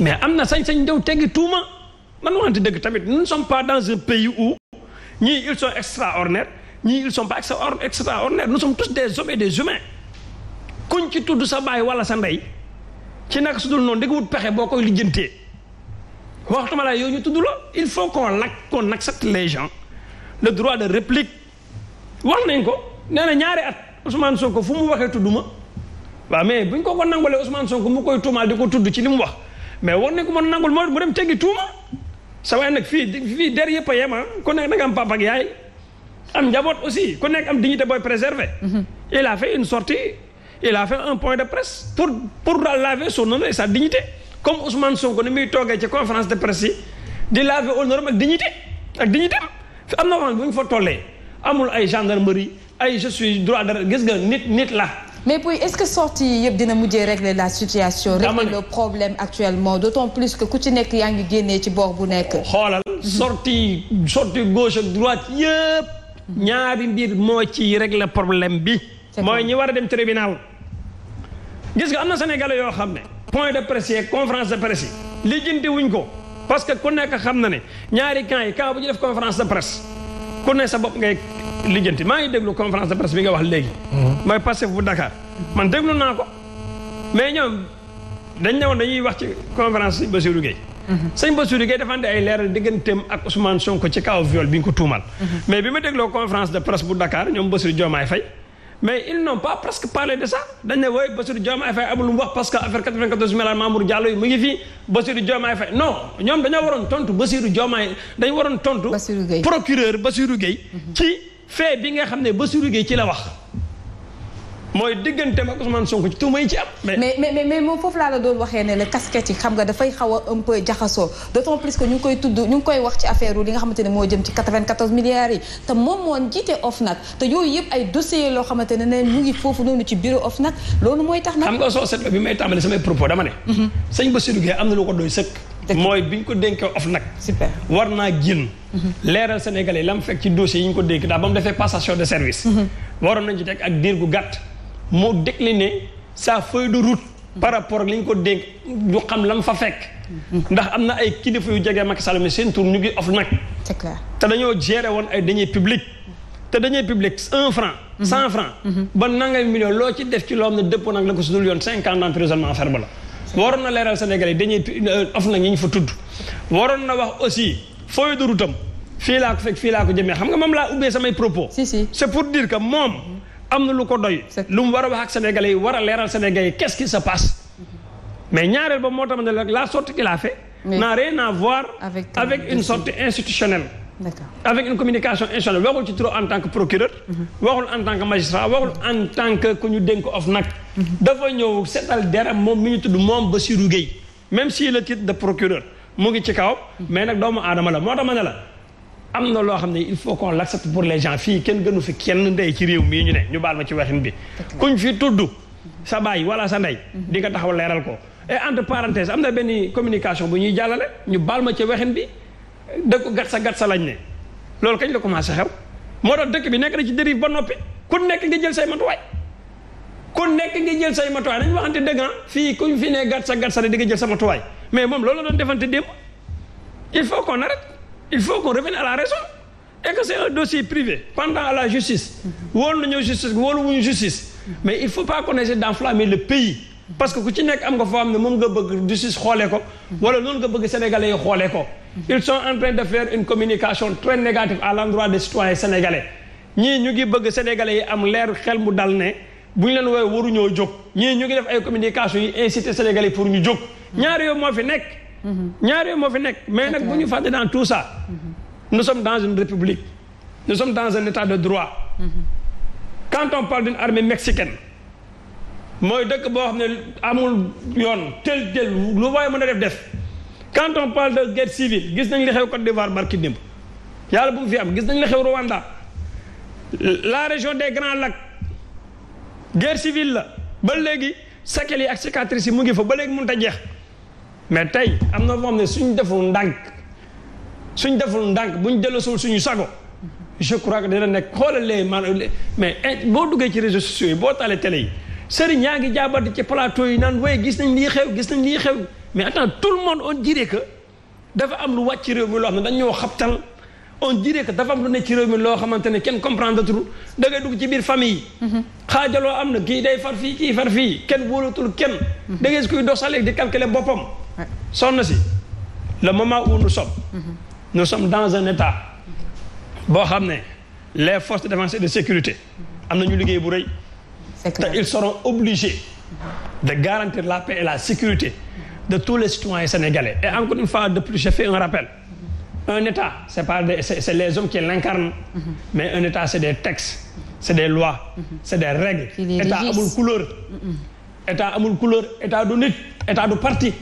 mais am na sañ-sañ daw teggi tuuma man waxante dëgg tamit nous ne sommes pas dans un pays où ñii ils sont extraordinaires ñii ils sont pas extraordinaires nous sommes tous des hommes des humains kuñ ci tudd sa wala sa ndey ci nag su dul noonu dëgg pexe boo koy lijjantee waxtuma la yow ñu tudd la il faut qu'on lac qu'on accepte les gens le droit de réplique wax nañ ko nee na ñaari at Ousmane ko fu mu waxee tudd ma waaw mais buñ ko ko nangalee Ousmane ko mu koy tuumaal di ko tudd ci li mu wax mais war nañ ko mën a nangul moo mu dem teggi tuuma sa waaye nag fii fii der yëpp a yem ah. ku nekk da am papa ak yaay am njaboot aussi ku nekk am dignité booy préserver mhm. il a fait une sortie il a fait un point de presse pour pour laver son honneur et sa dignité comme Ousmane Sonko ni muy toogee ci confrance de presse yi di laver honneur ak dignité ak dignité am na wax bu ñu fa tollee amul ay gendarmerie ay je suis droit de gis nit nit la mais puis est-ce que sortie yi yëpp dina mujjee régler la situation régler le problème actuellement d'autant plus que ku ci nekk yaa ngi génnee ci boor bu nekk xoolal sortie sortie gauche ak droite yëpp ñaari mbir moo ci régler problème bi mooy ñi war a dem tribunal gis nga am na sénégalais yoo xam ne point de presse yeeg conférence de presse yi lijjanti wuñ ko parce que ku nekk xam na ne ñaari camp yi camp bu ñu def conférence de presse ku ne sa bopp ngay lijjanti maa ngi déglu conférence de presse bi nga wax léegi. Mhm. mooy Pastef bu Dakar. man déglu naa ko mais ñoom dañuy wax ci conférence Bassirou Gueye. Mhm. sëñ Bassirou Gueye dafa andi ak Ousmane Sonko kaw viol bi ko tuumal. Mhm. mais bi ma dégloo conférence de presse bu Dakar ñoom Bassirou Diomaye Faye. mais ils n'ont pas presque wooy Bassirou Diomaye parce que affaire 94 milliards Mamour Diallo yi mu ngi fii dañoo waroon tontu Bassirou Diomaye dañ waroon tontu. procureur Bassirou Gueye fee bi nga xam ne Bassirou Guèye ci la wax mooy diggante ak Ousmane Sonko ci tuuma yi ci am. mais mais moom foofu laa la doon waxee ne la casquette yi xam nga dafay xaw a jaxasoo d'autant plus que ñu ngi koy tudd ñu ngi koy wax ci affaire li nga xamante moo jëm ci 94 milliards yi te moom moo jiite OFNAC te yooyu yëpp ay dossiers loo xamante ne ne mu ngi foofu noonu ci bureau OFNAC loolu mooy tax nag. xam nga soo seetloo bi may tàmbali samay propos mooy bi ñu ko dénkee of nag super war naa génn leeral sénégalais lam fekk ci dossier yi ñu ko dénk daal ba mu defee passation de service mhm. waroon nañ ci teg ak diir gu gàtt moo décliné sa feuille de route par rapport ak li ñu ko dénk ñu xam lan fa fekk mhm. ndax am na ay kilifa yu jege Macky Sall mi seen tur ñu ngi of nag c'est clair te dañoo gérer woon ay deniers publics te deniers publics un franc mhm. cent franc ba nangay million ko sudul yoon cinq ans d'emprisonnement ferme la waroon na leeral Sénégalais yi dañuy euh, of na ñi ñu fa tudd waroon na wax aussi fooy duru tam fii laa ko fekk fii laa ko jëmee xam nga mam laa ubbee samay propos. si c'est pour dire que moom am na lu ko doy. lu mu war a wax ak Sénégalais yi war a leeral Sénégalais yi qu'est-ce qui se passe. mais ñaareel ba moo tax ne la sortie qu'il a fait. n'a rien à voir avec une sortie institutionnelle. d'accord avec communication institutionnelle waxul ci trop en tant que procureur. Mhm. waxul en tant que magistrat waxul en tant que ku ñu dénk OFNAC. Mhm. dafa ñëw setal deram moom mi ñu tudd moom Bassirou Guèye même si le titre de procureur mu ngi ci kaw. Mhm. mais nag doomu aadama la moo tax ma ne la. am na loo xam ne il faut qu'on l'accepte pour les gens fii kenn gënu fi kenn ndey ci réew mii ñu ne ñu baal ma ci waxin bi. kuñ fi tudd sa baay wala sa ndey. di nga taxaw leeral ko. et entre parenthèses am na benn communication bu ñuy jàllale ñu baal ma ci waxin bi. dëkku gat sa gat sa lañ ne loolu kañ la commencé xew moo tax dëkk bi nekk na ci dérive ba noppi ku nekk nga jël say matuwaay ku nekk nga jël say matuwaay dañu waxante dëgg ah, fii kuñ fi ne gat sa gat sa ne di nga jël sa matuwaay mais moom loolu la doon defante démb il faut na arrête il faut qu'on revienne à la raison et que c'est un dossier privé pendant à la justice mm-hmm. wóolu mm-hmm. mais il faut pas qu'on essaie d'enflammer le pays parce que ku ci nekk am nga foo am ne moom nga bëgg justice xoolee ko wala loolu nga bëgg sénégalais yi xoolee ko ils sont en de faire une communication très négative à l'endroit des citoyens sénégalais ñii ñu ngi bëgg sénégalais yi am leer xel mu dal ne bu ñu leen woowee waruñoo jóg ñii ñu ngi def ay communication yi inciter sénégalais pour ñu jóg ñaar yooyu moo fi nekk ñaar yooyu moo fi nekk mais nag bu ñu fàtte dans tout ça nous sommes dans une république nous sommes dans un état de droit quand on parle d'une armée mexicaine mooy dëkk boo xam ne amul yoon tel tel lu waaye mën a def def quand on parle de guerre civile gis nañ li xew Côte d'Ivoire barki démb yàlla bu mu fi am gis nañ li xew Rwanda la région des Grands Lacs guerre civile la ba léegi séquelles yi ak cicatrices yi mu ngi fa ba léegi mun a jeex mais tey am na foo xam ne suñ deful ndànk suñ deful ndànk buñ dellosul suñu sago je crois que nekk xoolal léegi maanaam mais boo duggee ci réseaux sociaux yi boo talee télé yi. sëriñ yaa ngi jaabati ci plateau yi naan waaye gis nañ lii xew gis nañ lii xew mais attends tout le monde on dirait que dafa am lu wàcc ci réew mi loo xam ne dañoo xabtal on dirait que dafa am lu ne ci réew mi loo xamante ne kenn comprendre atul dangay dugg ci biir famille yi mhm. xaajaloo am na kii day far fii kii far fii kenn wóolatul kenn mhm. da ngay kuy doxalee di calculer boppam sonna si le moment où nous sommes mhm. nous sommes dans un état boo xam ne les forces de défense et sécurité am nañu liggéey bu rëy clair. ils seront obligés de garantir la paix et la sécurité de tous les citoyens sénégalais. Et encore une fois de plus, je fais un rappel. Un État, c'est pas c'est les hommes qui l'incarnent, mais un État, c'est des textes, c'est des lois, c'est des règles. État amul couleur. État amul couleur, État du nit, État du parti,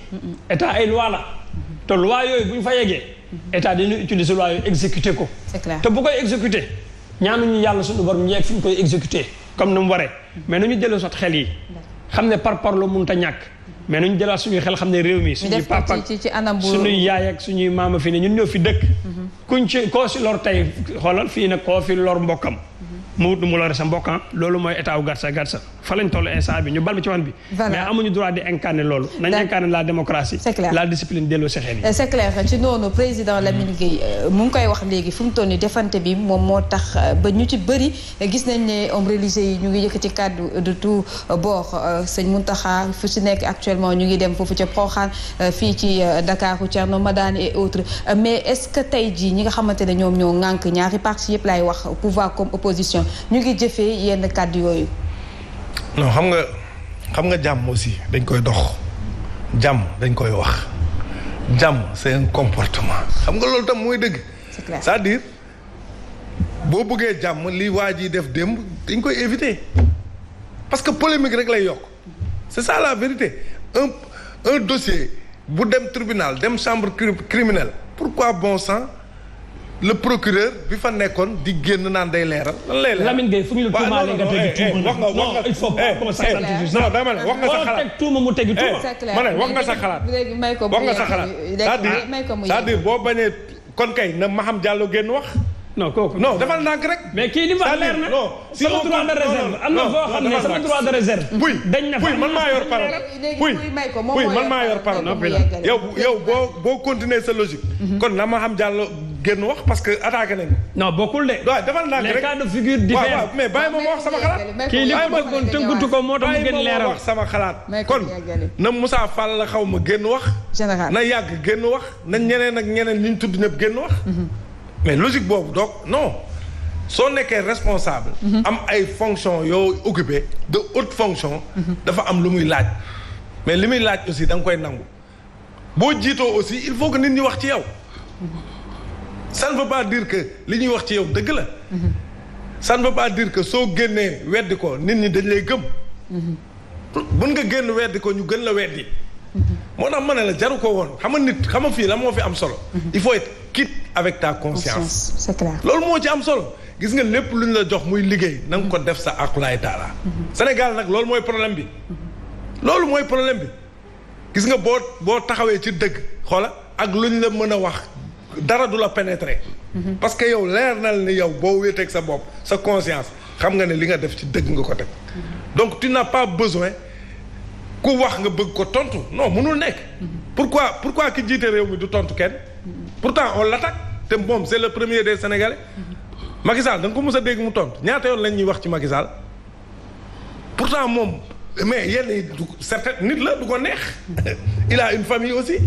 État ay loi la. te loi yooyu bu ñu fa yeggee état dañuy utiliser loi yooyu exécuter ko. c'est clair te bu koy exécuter ñaanuñu yàlla suñu borom ñu yegg fi ñu koy exécuter. comme ni mu waree mais nañu jëlee sot xel yi xam ne par parlo mënut a ñàkk mais nañu jëlaat suñuy xel xam ne réew mi suñuy papa suñuy yaay ak suñuy maama fi ne ñun ñëw fi dëkk mhm. kuñ ci koo si lor tey xoolal fii ne koo fi lor mbokkam mu wut nu mu lore sa mbokk ah. loolu mooy état a garsa garsa fa lañ toll instant bi ñu bal ma ci wan bi mais amuñu droit di incarner loolu nañ incarner la démocratie la discipline delloo si xel yi c'est clair ci noonu président Lamine Gueye euh, mu ngi koy wax léegi fu toll ni defante bi moom moo tax euh, ba ñu ci bëri gis nañ ne om religieux yi ñu ngi ci kàddu de tout bord euh, sëñ Mountakha fu si nekk actuellement ñu ngi dem foofu ca Porokhane fii ci Dakar Thierno Madani et autres mais est-ce que tey jii ñi nga xamante ne ñoom ñoo ŋànk ñaari parti yëpp laay wax pouvoir comme opposition ñu ngi jëfee yenn kàddu yooyu. non xam nga xam nga jàmm aussi dañ koy dox jàmm dañ koy wax jàmm c'est un comportement xam nga loolu tam mooy dëgg. c'est clair dire boo bëggee jàmm li waa ji def démb dañ koy éviter parce que polémique rek lay yokk c'est ça la vérité un un dossier bu dem tribunal dem chambre criminelle pourquoi bon sang. le procureur bi fa nekkoon di génn naan day leeral. lan lay leeral Lamine Gueye fu ñu la tuumaalee nga tegi eh, eh, tuuma. wax nga wax nga il faut pas commencer à s'anticiper. non dama ne wax nga sa xalaat teg tuuma mu tegi tuuma. Eh, ma ne wax nga sa xalaat. wax nga sa xalaat c'est-à-dire c'est-à-dire boo bañee kon kay na Maham Diallo génn wax. non kooku non defal ndànk rek. mais kii li mu wax leer na non sama droit de réserve am na foo xam ne sama droit de réserve. puy puy man maa yor parole. puy puy man maa yor parole. yow yow boo boo continuer sa logique. Mhm. kon na Maham Diallo génn wax parce que attaqué nañu. non bokkul de. waaw defal naa rek les cas de figure diffèrent. waaw mais bàyyi ma ma wax sama xalaat. kii li ko dëggoon tënkutu ko moo tax mu gën leeral wax sama xalaat. kon na Moussa Fall la xaw ma génn wax. général na yàgg génn wax na ñeneen ak ñeneen ñi ñu tudd ñëpp génn wax. Mhm. mais logique boobu doog non soo nekkee responsable. Mhm. am ay fonction yoo occupé de haute fonction. Mhm. dafa am lu muy laaj. mais li muy laaj aussi da nga koy nangu boo jiitoo aussi il faut que nit ñi wax ci yow. ça ne veut pas dire que li ñuy wax ci yow dëgg la. ça ne veut pas dire que soo génnee weddi ko nit ñi dañ lay gëm. buñ nga génn weddi ko ñu gën la weddi. moo tax ma ne la jaru ko woon xam nga nit xam nga fii la moo fi am solo. il faut être quitte avec ta conscience. c'est clair loolu moo ci am solo. gis nga lépp lu ñu la jox muy liggéey na ko def sa akulaay taala. Sénégal nag loolu mooy problème bi. loolu mooy problème bi. gis nga boo boo taxawee ci dëgg xoola ak lu ñu la mën a wax. dara du la pénétrer. Mhm. parce que yow leer na ni yow boo wéeteeg sa bopp sa conscience xam nga ne li nga def ci dëgg nga ko teg. Mhm. donc ti na pas besoin ku wax nga bëgg ko tontu non mënul nekk. Mhm. pourquoi pourquoi ki jiite réew mi du tontu kenn. pourtant on l'attaque te moom c'est le premier des sénégalais. Macky danga ko mës a dégg mu tontu ñaata yoon lañ ñuy wax ci Macky Sall pourtant moom mais yenn yi du certain nit la du ko neex il a une famille aussi.